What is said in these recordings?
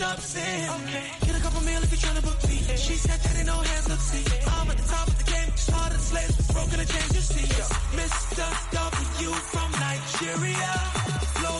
push-ups in. Okay. Get a couple if you're trying to book me. She said that ain't no hands, look, see. I'm at the top of the game. slaves, broken the chains, you see. Yeah. Mr. W from Nigeria. Flow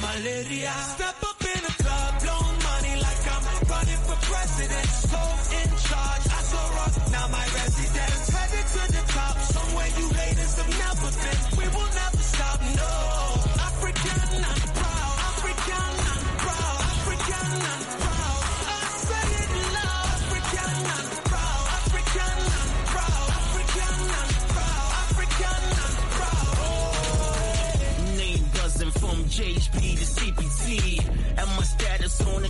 malaria. Step up in the club, blow money like I'm running for president. So in charge, I saw rock, now my residence. Headed to the top, somewhere you haters have never been. We will never stop, no.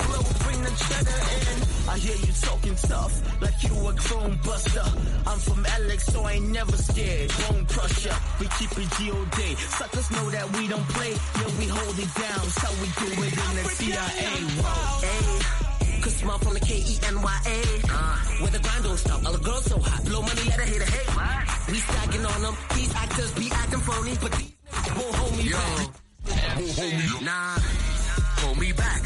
flow, bring the cheddar in. I hear you talking tough, like you a chrome buster. I'm from Alex, so I ain't never scared. Chrome not crush we keep it G.O.D. Suckers know that we don't play, yeah, we hold it down. So we do it in the CIA. because I Cause from the K-E-N-Y-A. Uh, where the grind don't stop, all the girls so hot. Blow money, let her hit a hate. What? We stacking on them, these actors be acting phony, but these won't hold me Yo. back. will Nah, hold me back.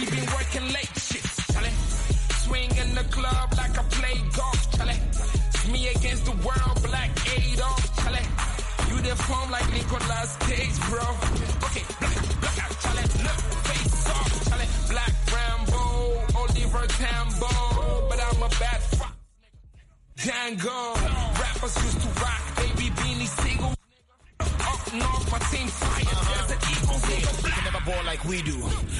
we've been working late. like we do.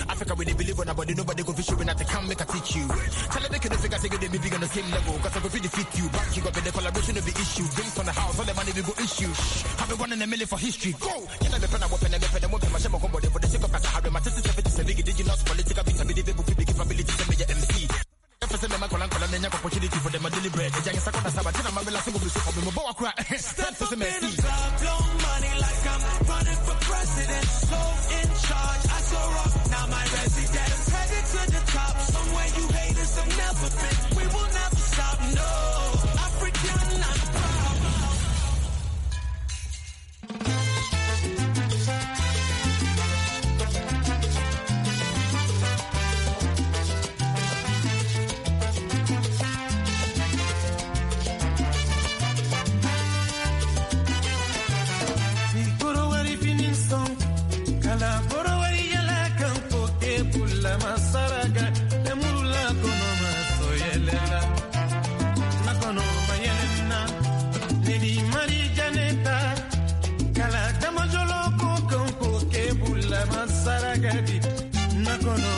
Africa, we they believe on nobody, nobody go fish you when I come make a teach you. Tell them they can not figure say they be big on the same level. Cause I go free defeat you. Back you got the collaboration of the issue. Drinks on the house, all the money we go issue. Shh. Have it one in a million for history. Go! You know the pen I weapon and weapon and weapon, my shame on body for the sake of us. I have my sister, it's a big digital political beat, I believe people give ability to me MC. Step up in the I'm a we top, blow money like I'm running for president. So in charge. Now my residence. gonna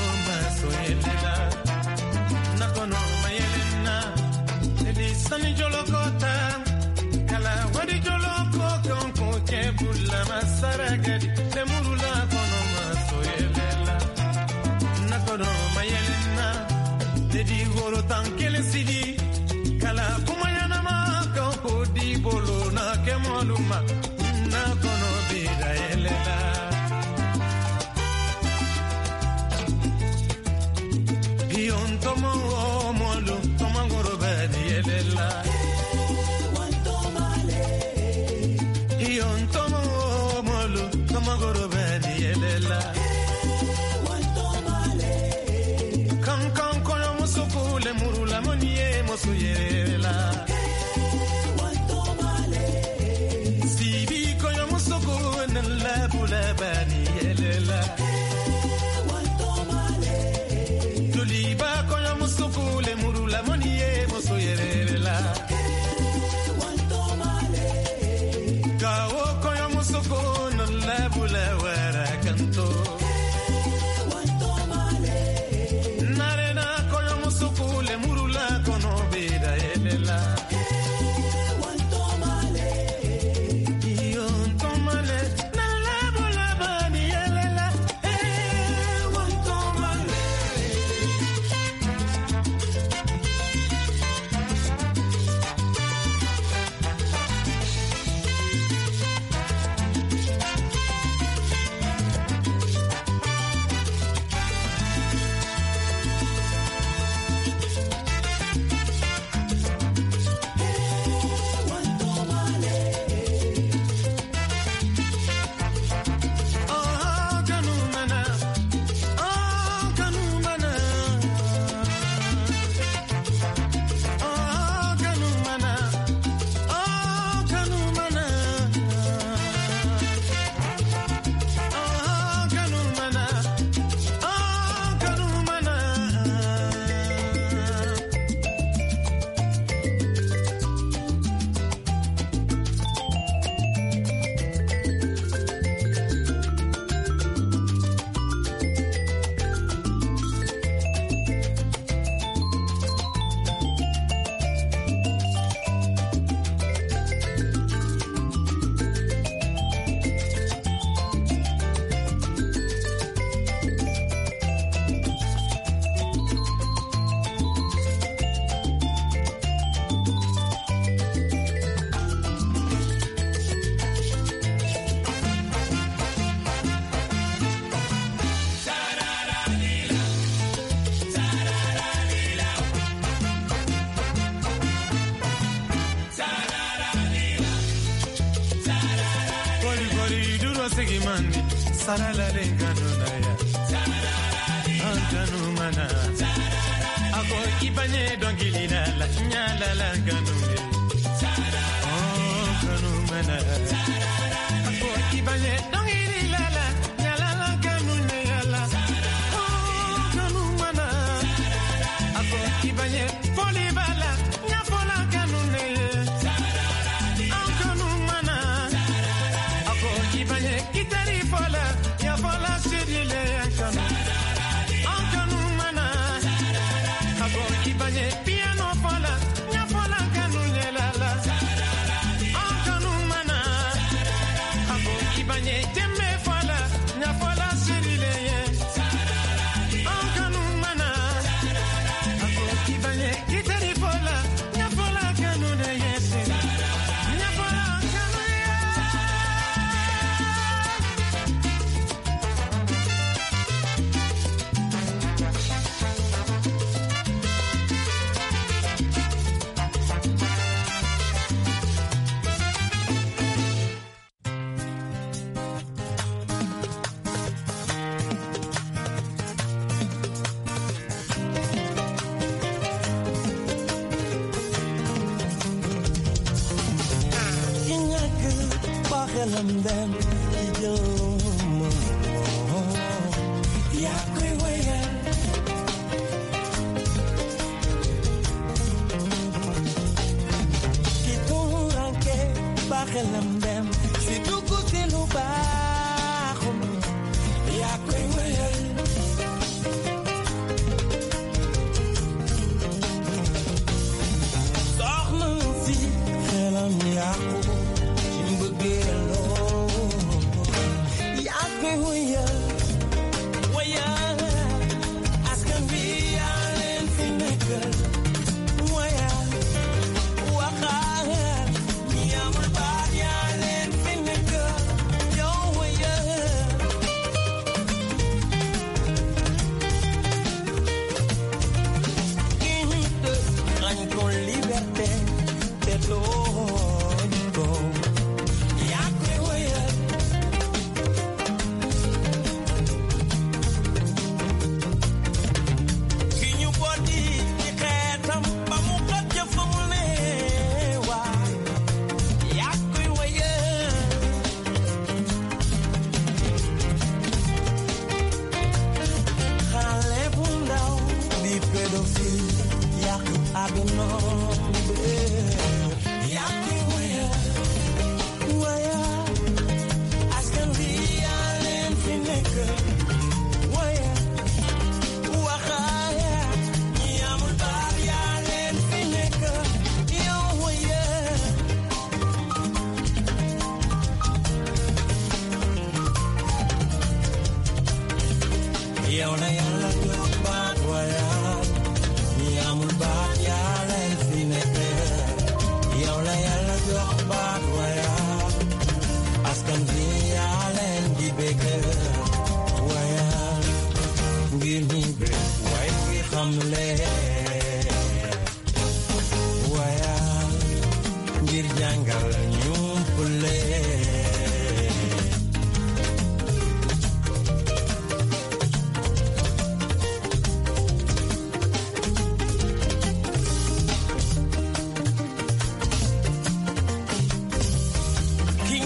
saralale ganona ya antanu mana ako ibanye dongili na la nyala ganone oh ganona Jamaica.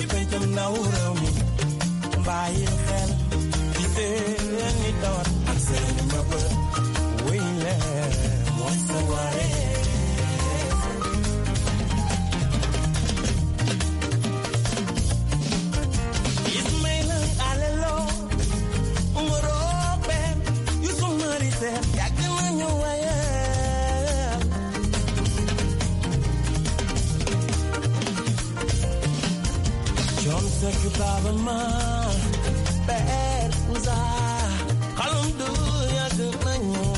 je kunt hem sakıtabıma ber uzak kalın dünya kıkmanyo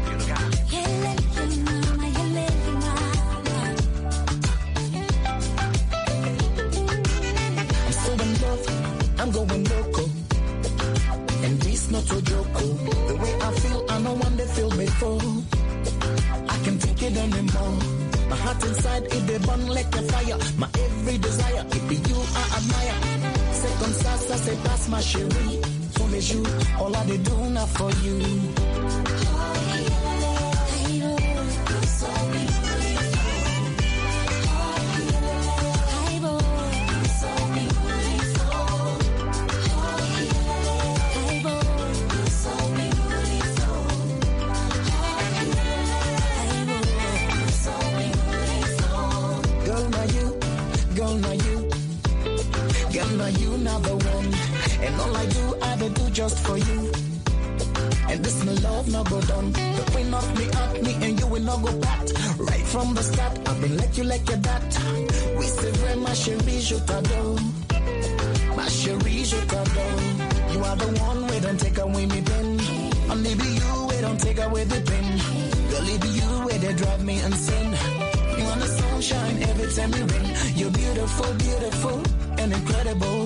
I say that's my cherie. For me, you, all I did do now for you. just for you. And this my love no go done. The queen of me at me and you will not go pat. Right from the start, I've been like you like your dat. We say very my chérie, je t'adore. My chérie, je t'adore. You are the one we don't take away me pen. Only be you we don't take away the pen. Girl, it be you where they drive me insane. You want the sunshine every time you rain. You're beautiful, beautiful, and incredible.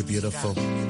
You're beautiful.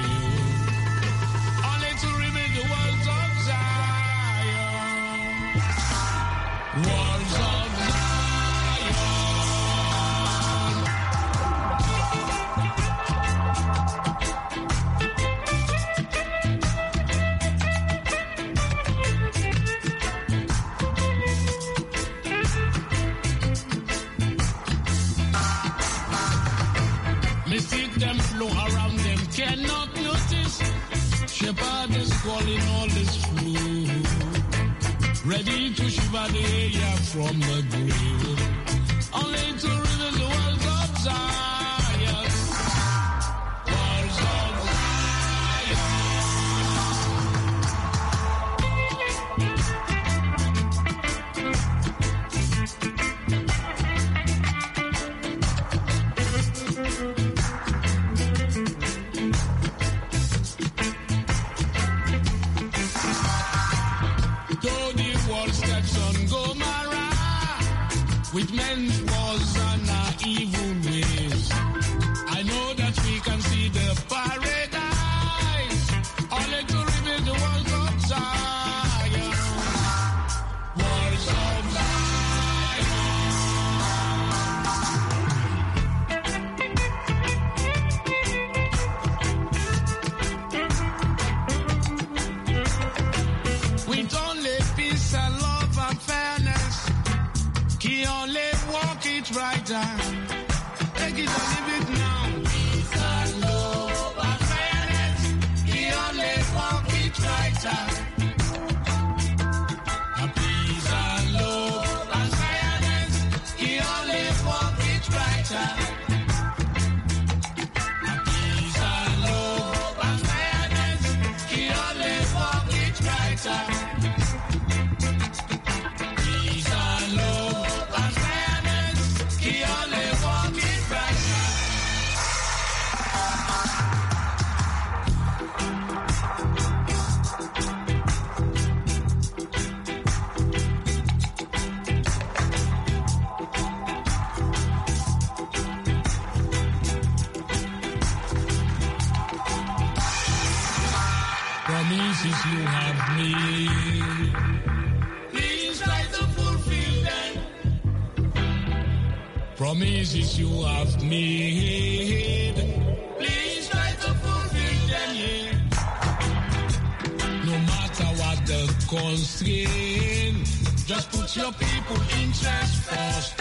constrained. Just put your people interest first.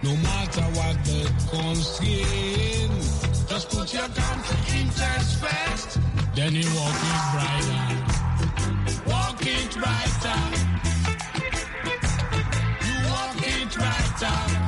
No matter what the constraint, just put your country interest first. Then you walk it brighter, walk it brighter, you walk it brighter.